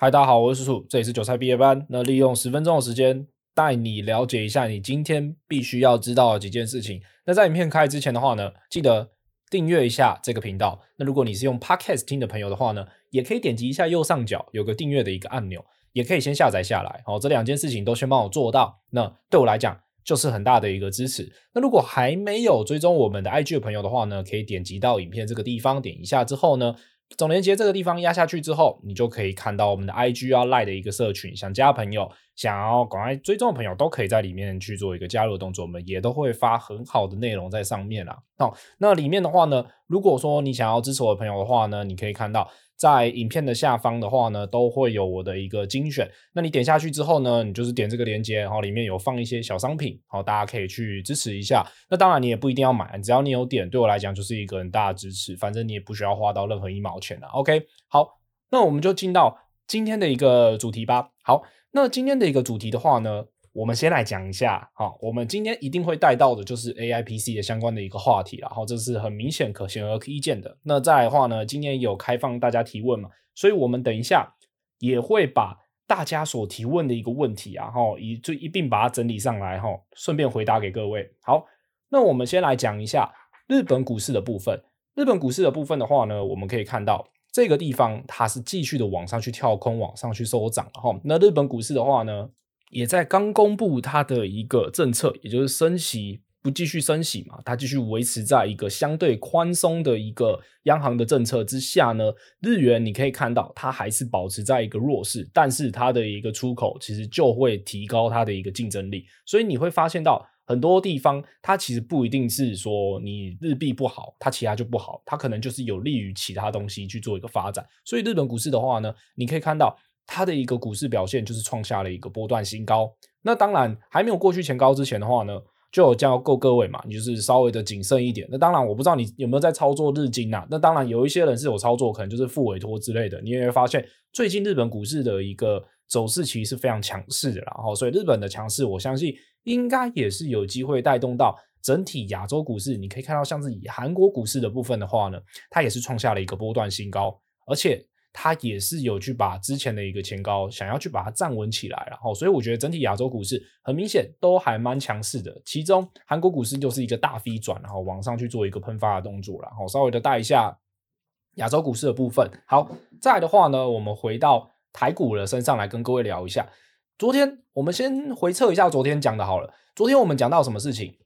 嗨，大家好，我是叔叔。這裡是韭菜畢業班。那利用十分鐘的時間，帶你了解一下你今天必須要知道的幾件事情。那在影片開之前的話呢，記得訂閱一下這個頻道。那如果你是用 Podcast 聽的朋友的話呢，也可以點擊一下右上角有個訂閱的一個按鈕，也可以先下載下來。好，這兩件事情都先幫我做到，那對我來講就是很大的一個支持。那如果還沒有追蹤我們的 IG 的朋友的話呢，可以點擊到影片這個地方，點一下之後呢。總連結這個地方壓下去之後，你就可以看到我們的 IG 啊 Line 的一個社群，想加朋友。想要趕快追蹤的朋友，都可以在裡面去做一個加入的動作。我們也都會發很好的內容在上面啦、啊。好，那裡面的話呢，如果說你想要支持我的朋友的話呢，你可以看到在影片的下方的話呢，都會有我的一個精選。那你點下去之後呢，你就是點這個鏈接，然後裡面有放一些小商品，好，大家可以去支持一下。那當然你也不一定要買，只要你有點，對我來講就是一個很大的支持。反正你也不需要花到任何一毛錢啊。OK，好，那我們就進到今天的一個主題吧。好。那今天的一個主題的話呢，我們先來講一下哈。我們今天一定會帶到的就是 AIPC 的相關的一個話題，然後這是很明顯、可顯而易見的。那再來的話呢，今天有開放大家提問嘛，所以我們等一下也會把大家所提問的一個問題啊，哈，一就一併把它整理上來哈，順便回答給各位。好，那我們先來講一下日本股市的部分。日本股市的部分的話呢，我們可以看到。這個地方它是繼續的往上去跳空，往上去收漲哈。那日本股市的話呢，也在剛公布它的一個政策，也就是升息，不繼續升息嘛，它繼續維持在一個相對寬鬆的一個央行的政策之下呢。日元你可以看到它還是保持在一個弱勢，但是它的一個出口其實就會提高它的一個競爭力，所以你會發現到。很多地方它其實不一定是說你日幣不好，它其他就不好，它可能就是有利於其他東西去做一個發展。所以日本股市的話呢，你可以看到它的一個股市表現就是創下了一個波段新高。那當然還沒有過去前高之前的話呢，就有教夠各位嘛，你就是稍微的謹慎一點。那當然我不知道你有沒有在操作日經啊。那當然有一些人是有操作，可能就是複委託之類的。你也會發現最近日本股市的一個走勢其實是非常強勢的啦，然後所以日本的強勢，我相信。應該也是有機會帶動到整體亞洲股市。你可以看到，像是以韓國股市的部分的話呢，它也是創下了一個波段新高，而且它也是有去把之前的一個前高想要去把它站穩起來，然後，所以我覺得整體亞洲股市很明顯都還蠻強勢的。其中韓國股市就是一個大 V 轉，然後往上去做一個噴發的動作，然後稍微的帶一下亞洲股市的部分。好，再來的話呢，我們回到台股的身上來跟各位聊一下。昨天我們先回測一下昨天講的好了。昨天我們講到什麼事情？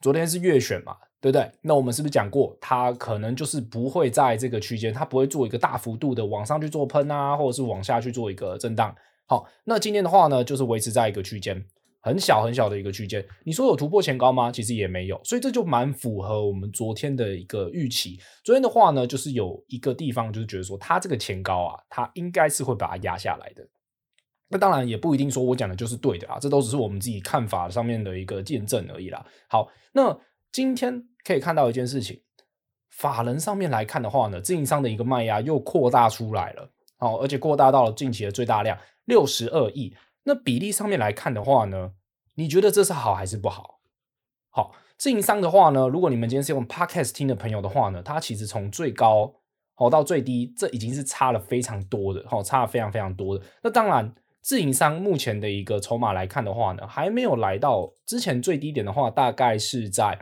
昨天是月選嘛，對不對？那我們是不是講過，它可能就是不會在這個區間，它不會做一個大幅度的往上去做噴啊，或者是往下去做一個震盪。好，那今天的話呢，就是維持在一個區間，很小很小的一個區間。你說有突破前高嗎？其實也沒有，所以這就蠻符合我們昨天的一個預期。昨天的話呢，就是有一個地方就是覺得說，它這個前高啊，它應該是會把它壓下來的。那當然也不一定說我講的就是對的啊，這都只是我們自己看法上面的一個見證而已啦。好，那今天可以看到一件事情，法人上面來看的話呢，自營商的一個賣壓又擴大出來了，哦，而且擴大到了近期的最大量六十二億。那比例上面來看的話呢，你覺得這是好還是不好？好，自營商的話呢，如果你們今天是用 Podcast 聽的朋友的話呢，它其實從最高好到最低，這已經是差了非常多的，好，差了非常非常多的。那當然。自營商目前的一個籌碼來看的話呢，還沒有來到之前最低點的話，大概是在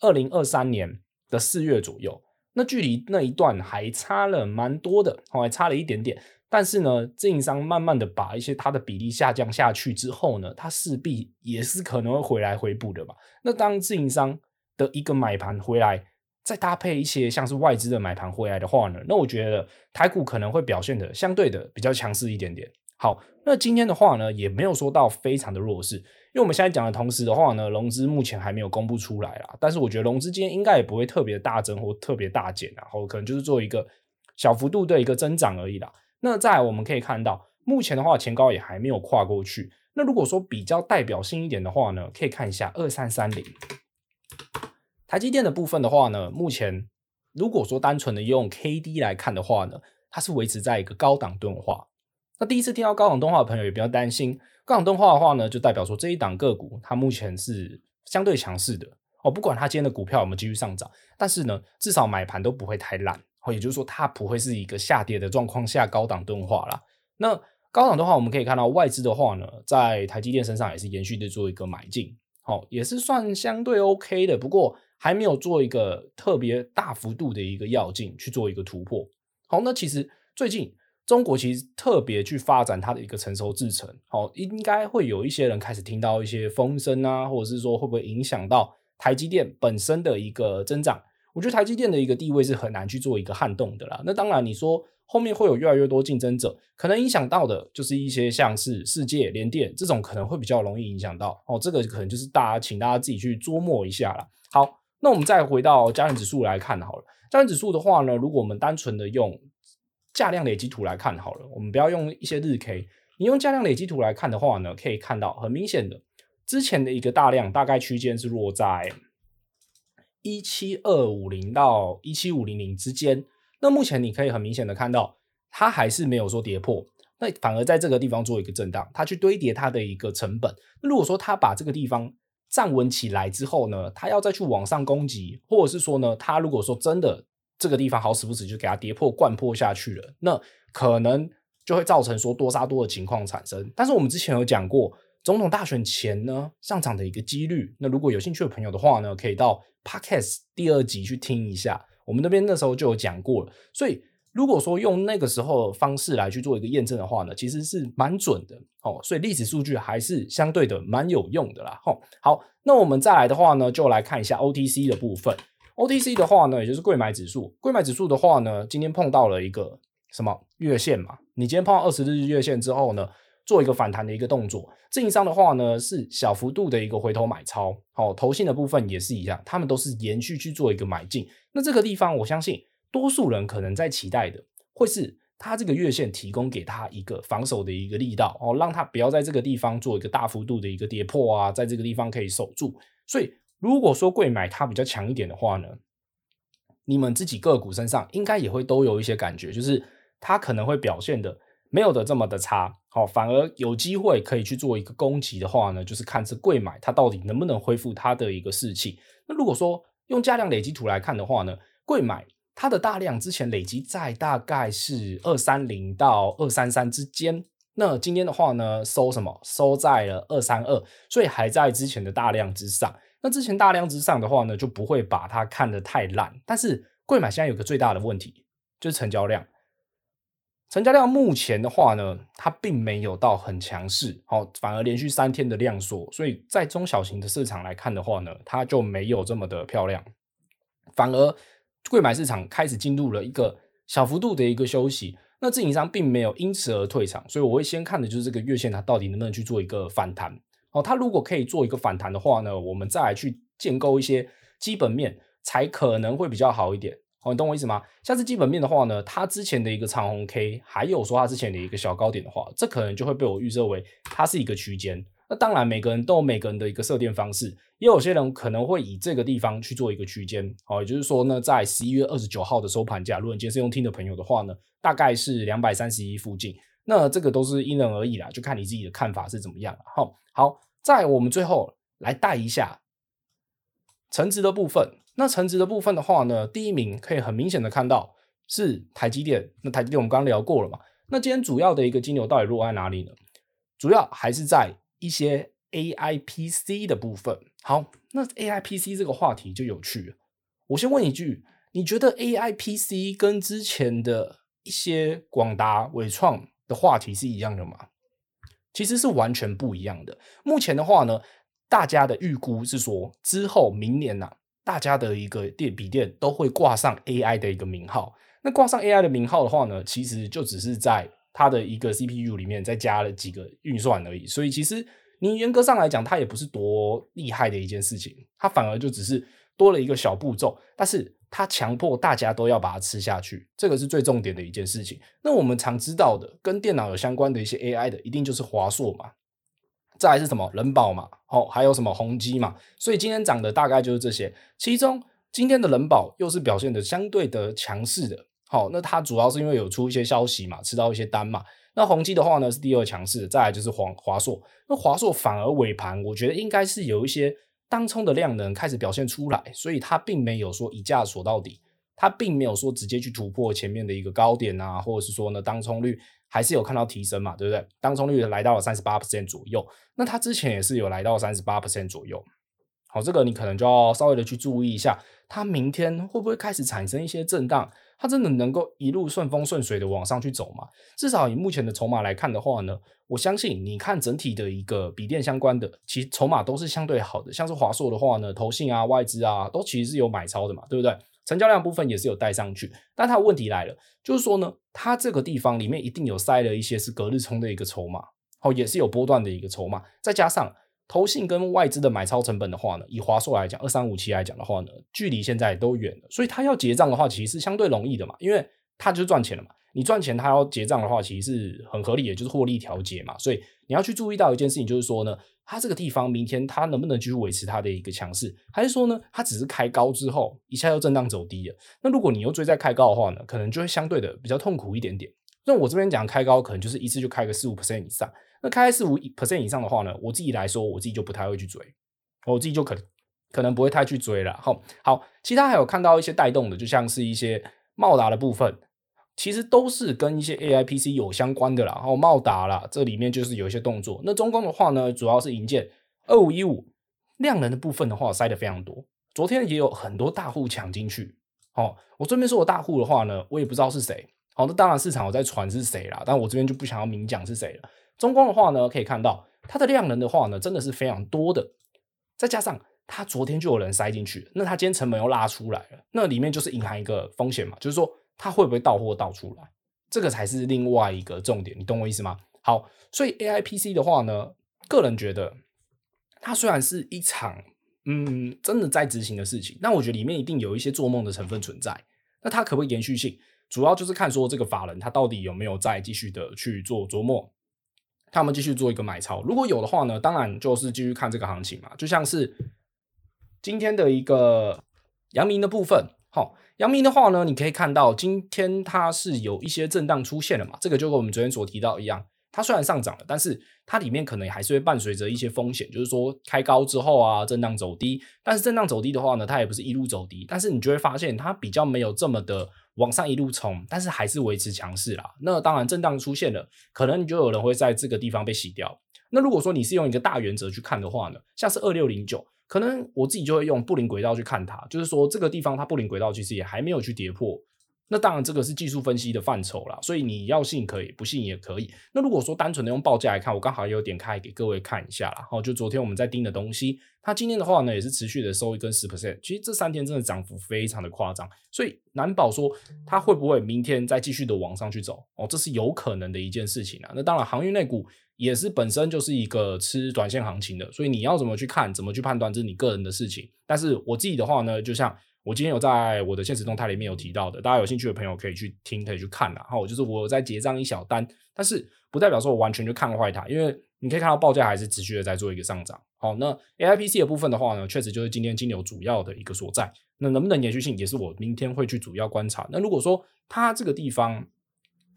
二零二三年的四月左右。那距離那一段還差了蠻多的，還差了一點點。但是呢，自營商慢慢的把一些它的比例下降下去之後呢，它勢必也是可能會回來回補的嘛。那當自營商的一個買盤回來，再搭配一些像是外資的買盤回來的話呢，那我覺得台股可能會表現的相對的比較強勢一點點。好，那今天的話呢，也沒有說到非常的弱勢，因為我們現在講的同時的話呢，融資目前還沒有公布出來啦。但是我覺得融資今天應該也不會特別的大增或特別大減啦，然後可能就是做一個小幅度的一個增長而已啦。那再來我們可以看到，目前的話前高也還沒有跨過去。那如果說比較代表性一點的話呢，可以看一下二三三零台積電的部分的話呢，目前如果說單純的用 KD 來看的話呢，它是維持在一個高檔鈍化。那第一次聽到高檔動畫的朋友也不要擔心，高檔動畫的話呢，就代表說，這一檔個股它目前是相對強勢的哦。不管它今天的股票有沒有繼續上漲，但是呢，至少買盤都不會太爛，也就是說它不會是一個下跌的狀況下高檔動畫啦。那高檔動畫，我們可以看到外資的話呢，在台積電身上也是延續的做一個買進，哦，也是算相對 OK 的，不過還沒有做一個特別大幅度的一個要進去做一個突破。好，那其實最近。中國其實特別去發展它的一個成熟制程，好、哦，應該會有一些人開始聽到一些風聲啊，或者是說會不會影響到台積電本身的一個增長？我覺得台積電的一個地位是很難去做一個撼動的啦。那當然，你說後面會有越來越多競爭者，可能影響到的就是一些像是世界聯電這種，可能會比較容易影響到哦。這個可能就是大家，請大家自己去琢磨一下啦。好，那我們再回到加權指數來看好了。加權指數的話呢，如果我們單純的用。價量累積圖來看好了，我們不要用一些日 K，你用價量累積圖來看的話呢，可以看到很明顯的之前的一個大量大概區間是落在一七二五零到一七五零零之間。那目前你可以很明顯的看到，它還是沒有說跌破，那反而在這個地方做一個震盪，它去堆疊它的一個成本。如果說它把這個地方站穩起來之後呢，它要再去往上攻擊，或者是說呢，它如果說真的。這個地方好死不死就給它跌破摜破下去了，那可能就會造成說多殺多的情況產生。但是我們之前有講過，總統大選前呢上漲的一個幾率，那如果有興趣的朋友的話呢，可以到 podcast 第二集去聽一下，我們那邊那時候就有講過了。所以如果說用那個時候的方式來去做一個驗證的話呢，其實是蠻準的哦。所以歷史數據還是相對的蠻有用的啦。好、哦，好，那我們再來的話呢，就來看一下 OTC 的部分。OTC 的話呢，也就是櫃買指數，櫃買指數的話呢，今天碰到了一個什麼月線嘛？你今天碰到二十日月線之後呢，做一個反彈的一個動作，自營商的話呢是小幅度的一個回頭買超，哦，投信的部分也是一樣，他們都是延續去做一個買進。那這個地方，我相信多數人可能在期待的，會是他這個月線提供給他一個防守的一個力道，哦，讓他不要在這個地方做一個大幅度的一個跌破啊，在這個地方可以守住，所以。如果說櫃買它比較強一點的話呢，你們自己個股身上應該也會都有一些感覺，就是它可能會表現的沒有的這麼的差，好，反而有機會可以去做一個攻擊的話呢，就是看這櫃買它到底能不能恢復它的一個士氣。那如果說用價量累積圖來看的話呢，櫃買它的大量之前累積在大概是二三零到二三三之間，那今天的話呢，收什麼？收在了二三二，所以還在之前的大量之上。那之前大量之上的話呢，就不會把它看得太爛。但是櫃買現在有個最大的問題，就是成交量。成交量目前的話呢，它並沒有到很強勢，好、哦，反而連續三天的量縮，所以在中小型的市場來看的話呢，它就沒有這麼的漂亮。反而櫃買市場開始進入了一個小幅度的一個休息。那自營商並沒有因此而退場，所以我會先看的就是這個月線它到底能不能去做一個反彈。哦，它如果可以做一個反彈的話呢，我們再來去建構一些基本面，才可能會比較好一點。好，你懂我意思嗎？像是基本面的話呢，它之前的一個長紅 K，還有說它之前的一個小高點的話，這可能就會被我預設為它是一個區間。那當然，每個人都有每個人的一個設定方式，也有些人可能會以這個地方去做一個區間。好，也就是說呢，在十一月二十九號的收盤價，如果你今天是用聽的朋友的話呢，大概是兩百三十一附近。那這個都是因人而異啦，就看你自己的看法是怎麼樣、啊、好，好，再我們最後來帶一下成值的部分。那成值的部分的話呢，第一名可以很明顯的看到是台積電。那台積電我們剛聊過了嘛？那今天主要的一個金流到底落在哪裡呢？主要還是在一些 A I P C 的部分。好，那 A I P C 這個話題就有趣了。我先問一句，你覺得 A I P C 跟之前的一些廣達、緯創的話題是一樣的嗎？其實是完全不一樣的。目前的話呢，大家的預估是說，之後明年吶、啊，大家的一個電筆電都會掛上 AI 的一個名號。那掛上 AI 的名號的話呢，其實就只是在它的一個 CPU 裡面再加了幾個運算而已。所以，其實你嚴格上來講，它也不是多厲害的一件事情。它反而就只是多了一個小步驟，但是。它強迫大家都要把它吃下去，這個是最重點的一件事情。那我們常知道的跟電腦有相關的一些 AI 的，一定就是華碩嘛，再來是什麼仁寶嘛，好、哦，還有什麼宏碁嘛。所以今天漲的大概就是這些。其中今天的仁寶又是表現的相對的強勢的，好、哦，那它主要是因為有出一些消息嘛，吃到一些單嘛。那宏碁的話呢是第二強勢的，再來就是華華碩。那華碩反而尾盤，我覺得應該是有一些。當沖的量能開始表現出來，所以它並沒有說一價鎖到底，它並沒有說直接去突破前面的一個高點啊，或者是說呢，當沖率還是有看到提升嘛，對不對？當沖率來到了三十八%左右，那它之前也是有來到三十八%左右。好，這個你可能就要稍微的去注意一下，它明天會不會開始產生一些震盪？它真的能夠一路順風順水的往上去走嘛？至少以目前的籌碼來看的話呢，我相信你看整體的一個筆電相關的，其實籌碼都是相對好的。像是華碩的話呢，投信啊、外資啊，都其實是有買超的嘛，對不對？成交量部分也是有帶上去。但它的問題來了，就是說呢，它這個地方裡面一定有塞了一些是隔日沖的一個籌碼，好，也是有波段的一個籌碼，再加上。投信跟外資的買超成本的話呢，以華碩來講，二三五七來講的話呢，距離現在都遠了，所以它要結賬的話，其實是相對容易的嘛，因為它就賺錢了嘛，你賺錢它要結賬的話，其實是很合理的，就是獲利調節嘛。所以你要去注意到一件事情，就是說呢，它這個地方明天它能不能繼續維持它的一個強勢，還是說呢，它只是開高之後一下又震盪走低了？那如果你又追在開高的話呢，可能就會相對的比較痛苦一點點。那我這邊講開高可能就是一次就開個四五%以上，那開四五%以上的話呢，我自己來說，我自己就不太會去追，我自己就可可能不會太去追了。好，好，其他還有看到一些帶動的，就像是一些茂達的部分，其實都是跟一些 A I P C 有相關的啦，然後茂達啦，這裡面就是有一些動作。那中工的話呢，主要是營建二五一五，量能的部分的話，我塞的非常多，昨天也有很多大戶搶進去。哦，我這邊說我大戶的話呢，我也不知道是誰。好的，那當然市場有在傳是誰啦，但我這邊就不想要明講是誰了。中光的話呢，可以看到它的量能的話呢，真的是非常多的，再加上它昨天就有人塞進去，那它今天成本又拉出來了，那裡面就是隱含一個風險嘛，就是說它會不會倒貨倒出來，這個才是另外一個重點，你懂我意思嗎？好，所以 AIPC 的話呢，個人覺得它雖然是一場嗯真的在執行的事情，但我覺得裡面一定有一些做夢的成分存在，那它可不可以延續性？主要就是看說這個法人他到底有沒有再繼續的去做琢磨，他們繼續做一個買超，如果有的話呢，當然就是繼續看這個行情嘛。就像是今天的一個陽明的部分，好，陽明的話呢，你可以看到今天它是有一些震盪出現了嘛，這個就跟我們昨天所提到一樣。它雖然上漲了，但是它裡面可能還是會伴隨着一些風險，就是說開高之後啊，震盪走低，但是震盪走低的話呢，它也不是一路走低，但是你就會發現它比較沒有這麼的往上一路衝，但是還是維持強勢啦。那當然，震盪出現了，可能你就有人會在這個地方被洗掉。那如果說你是用一個大原則去看的話呢，像是二六零九，可能我自己就會用布林軌道去看它，就是說這個地方它布林軌道其實也還沒有去跌破。那當然，這個是技術分析的範疇啦。所以你要信可以，不信也可以。那如果說單純的用報價來看，我剛好也有點開給各位看一下啦。哦，就昨天我們在盯的東西，它今天的話呢，也是持續的收一根十 percent。其實這三天真的漲幅非常的誇張，所以難保說它會不會明天再繼續的往上去走？哦，這是有可能的一件事情啊。那當然，航運類股也是本身就是一個吃短線行情的，所以你要怎麼去看，怎麼去判斷，這是你個人的事情。但是我自己的話呢，就像。我今天有在我的限時動態裡面有提到的，大家有興趣的朋友可以去聽，可以去看啦。我就是我在結賬一小單，但是不代表說我完全就看壞它，因為你可以看到報價還是持續的在做一個上漲。好，那 AIPC 的部分的話呢，確實就是今天金流主要的一個所在。那能不能延續性也是我明天會去主要觀察。那如果說它這個地方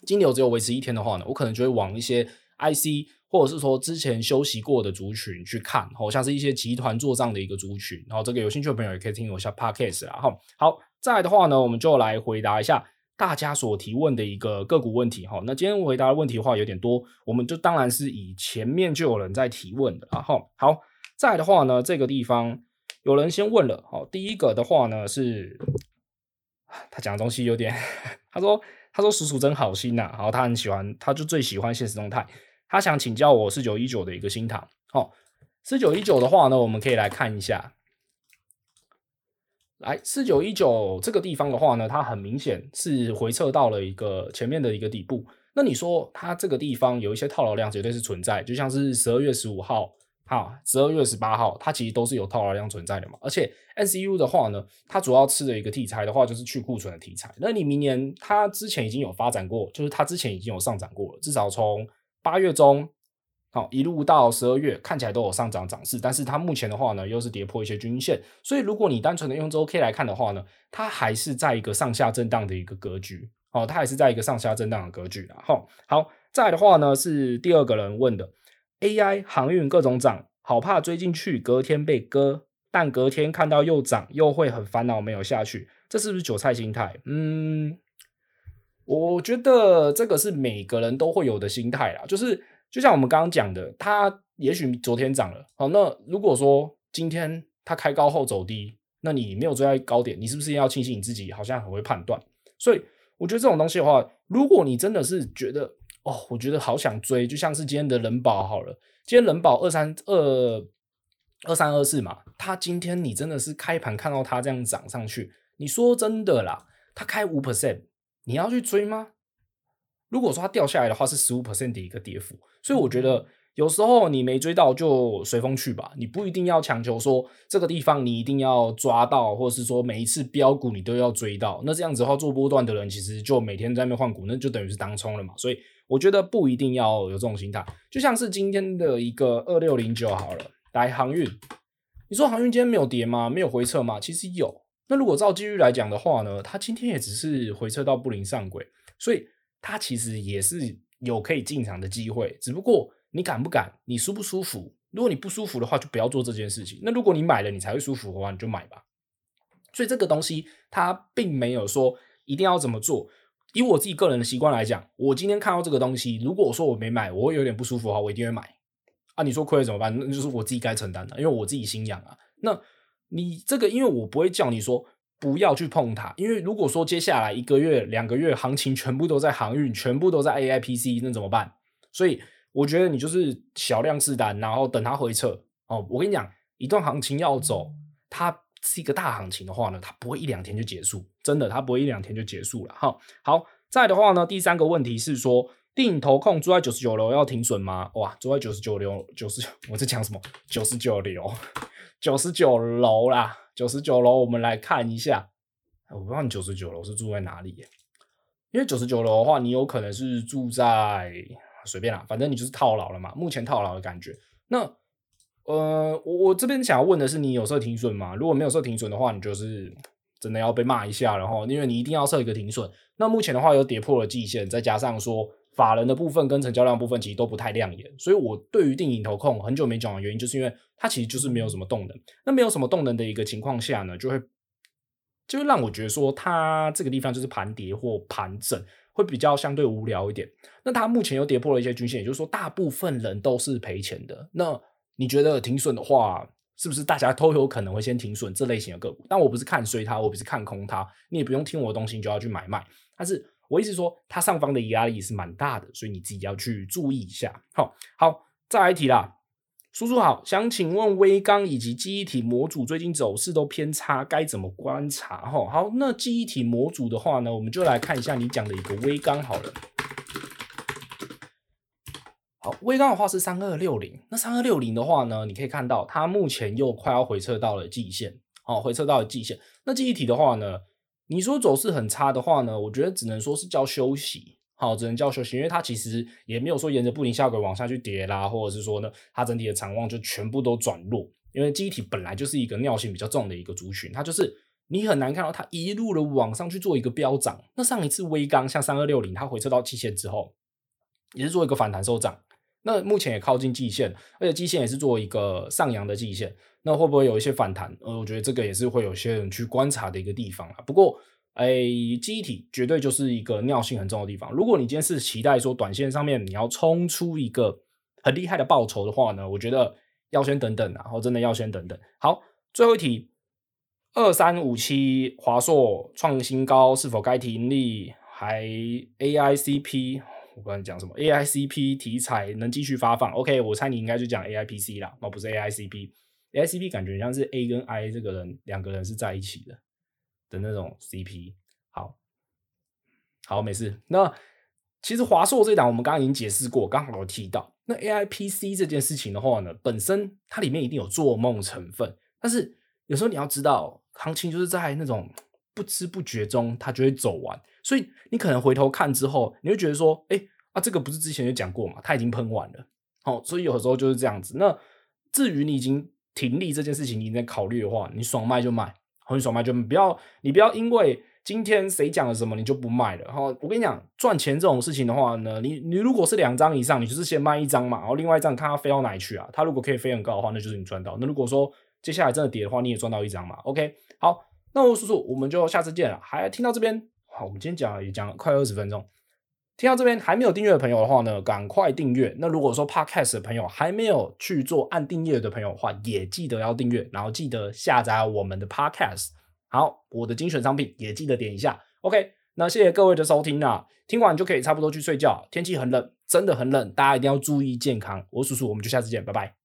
金流只有維持一天的話呢，我可能就會往一些 IC。或者是說之前休息過的族群去看，好像是一些集團做帳的一個族群，然後這個有興趣的朋友也可以聽我一下 podcast 啊，好，好，再的話呢，我們就來回答一下大家所提問的一個個股問題，哈，那今天回答的問題的話有點多，我們就當然是以前面就有人在提問的，然後好，再的話呢，這個地方有人先問了，好，第一個的話呢是，他講的東西有點，他說他說叔叔真好心吶、啊，然後他很喜歡，他就最喜歡限時動態。他想請教我四九一九的一個新唐，好，哦，四九一九的話呢，我們可以來看一下，來四九一九這個地方的話呢，它很明顯是回撤到了一個前面的一個底部。那你說它這個地方有一些套牢量，絕對是存在，就像是十二月十五號、哈，哦，十二月十八號，它其實都是有套牢量存在的嘛。而且，S U 的話呢，它主要吃的一個題材的話，就是去庫存的題材。那你明年它之前已經有發展過，就是它之前已經有上漲過了，至少從八月中，好一路到十二月，看起來都有上漲漲勢，但是它目前的話呢，又是跌破一些均線，所以如果你單純的用周 K 來看的話呢，它還是在一個上下震盪的一個格局，哦，它還是在一個上下震盪的格局的。好，好再的話呢，是第二個人問的，AI 航運各種漲，好怕追進去，隔天被割，但隔天看到又漲，又會很煩惱沒有下去，這是不是韭菜心態？嗯。我覺得這個是每個人都會有的心態啦，就是就像我們剛剛講的，它也許昨天漲了，好，那如果說今天它開高後走低，那你沒有追到高點，你是不是要慶幸你自己好像很會判斷？所以我覺得這種東西的話，如果你真的是覺得哦，我覺得好想追，就像是今天的人保好了，今天人保二三二二三二四嘛，它今天你真的是開盤看到它這樣漲上去，你說真的啦，它開五 percent。你要去追嗎？如果說它掉下來的話，是十五 percent 的一個跌幅，所以我覺得有時候你沒追到就隨風去吧，你不一定要強求說這個地方你一定要抓到，或者是說每一次標股你都要追到。那這樣子的話，做波段的人其實就每天在那邊換股，那就等於是當沖了嘛。所以我覺得不一定要有這種心態。就像是今天的一個二六零九好了，來航運，你說航運今天沒有跌嗎？沒有回撤嗎？其實有。那如果照機遇來講的話呢，它今天也只是回撤到布林上軌，所以它其實也是有可以進場的機會。只不過你敢不敢？你舒不舒服？如果你不舒服的話，就不要做這件事情。那如果你買了，你才會舒服的話，你就買吧。所以這個東西它並沒有說一定要怎麼做。以我自己個人的習慣來講，我今天看到這個東西，如果我說我沒買，我會有點不舒服的話，我一定會買。啊，你說虧了怎麼辦？那就是我自己該承擔的，因為我自己心癢啊。那你這個，因為我不會叫你說不要去碰它，因為如果說接下來一個月、兩個月行情全部都在航運，全部都在 AIPC，那怎麼辦？所以我覺得你就是小量試單，然後等它回撤。哦，我跟你講，一段行情要走，它是一個大行情的話呢，它不會一兩天就結束，真的，它不會一兩天就結束了。哈，好，在的話呢，第三個問題是說定穎投控住在九十九樓要停損嗎？哇，住在九十九樓，九十九，我在講什麼？九十九樓。九十九樓啦，九十九樓，我們來看一下。我不知道你九十九樓是住在哪裡欸，因為九十九樓的話，你有可能是住在隨便啦，反正你就是套牢了嘛，目前套牢的感覺。那呃，我我這邊想要問的是，你有設停損嗎？如果沒有設停損的話，你就是真的要被罵一下，然後因為你一定要設一個停損。那目前的話，又跌破了季線，再加上說，法人的部分跟成交量的部分其實都不太亮眼，所以我對於定穎投控很久沒講的原因，就是因為它其實就是沒有什麼動能。那沒有什麼動能的一個情況下呢，就會就會讓我覺得說它這個地方就是盤跌或盤整，會比較相對無聊一點。那它目前又跌破了一些均線，也就是說大部分人都是賠錢的。那你覺得停損的話，是不是大家都有可能會先停損這類型的個股？但我不是看衰它，我不是看空它，你也不用聽我的東西，你就要去買賣。但是。我意思說，它上方的壓力也是蠻大的，所以你自己要去注意一下。好、哦、好，再來一題啦，叔叔好，想請問威剛以及記憶體模組最近走勢都偏差，該怎麼觀察？哈、哦，好，那記憶體模組的話呢，我們就來看一下你講的一個威剛好了。好，威剛的話是三二六零，那三二六零的話呢，你可以看到它目前又快要回撤到了季線，好、哦，回撤到了季線。那記憶體的話呢？你說走勢很差的話呢？我覺得只能說是叫休息，好，只能叫休息，因為它其實也沒有說沿着布林下軌往下去跌啦，或者是說呢，它整體的展望就全部都轉弱，因為記憶體本來就是一個尿性比較重的一個族群，它就是你很難看到它一路的往上去做一個飆漲。那上一次威剛像三二六零，它回撤到季線之後，也是做一個反彈收漲。那目前也靠近季線，而且季線也是作為一個上揚的季線，那會不會有一些反彈？呃，我覺得這個也是會有些人去觀察的一個地方啊，不過，哎、欸，記憶體絕對就是一個尿性很重的地方。如果你今天是期待說短線上面你要衝出一個很厲害的報酬的話呢，我覺得要先等等、啊，然、哦、後真的要先等等。好，最後一題：二三五七華碩創新高，是否該停利？還 AICP。不管你講什麼？AICP 題材能繼續發放？OK，我猜你應該就講 AIPC 啦，哦，不是 AICP，AICP AICP 感覺像是 A 跟 I 這個人兩個人是在一起的的那種 CP。好，好，沒事。那其實華碩這一檔我們剛剛已經解釋過，剛好有提到。那 AIPC 這件事情的話呢，本身它裡面一定有做夢成分，但是有時候你要知道，行情就是在那種。不知不覺中，它就會走完，所以你可能回頭看之後，你會覺得說，哎、欸，啊，這個不是之前就講過嘛？它已經噴完了，好、哦，所以有的時候就是這樣子。那至於你已經停利這件事情，你在考慮的話，你爽賣就賣，很、哦、爽賣就賣不要，你不要因為今天誰講了什麼，你就不賣了。然、哦、我跟你講，賺錢這種事情的話呢，你你如果是兩張以上，你就是先賣一張嘛，然後另外一張看它飛到哪裡去啊。它如果可以飛很高的話，那就是你賺到。那如果說接下來真的跌的話，你也賺到一張嘛。OK，好。那我叔叔，我們就下次見了。還聽到這邊，好，我們今天講也講了快二十分鐘，聽到這邊還沒有訂閱的朋友的話呢，趕快訂閱。那如果說 Podcast 的朋友還沒有去做按訂閱的朋友的話，也記得要訂閱，然後記得下載我們的 Podcast。好，我的精選商品也記得點一下。OK，那謝謝各位的收聽啊，聽完就可以差不多去睡覺。天氣很冷，真的很冷，大家一定要注意健康。我叔叔，我們就下次見，拜拜。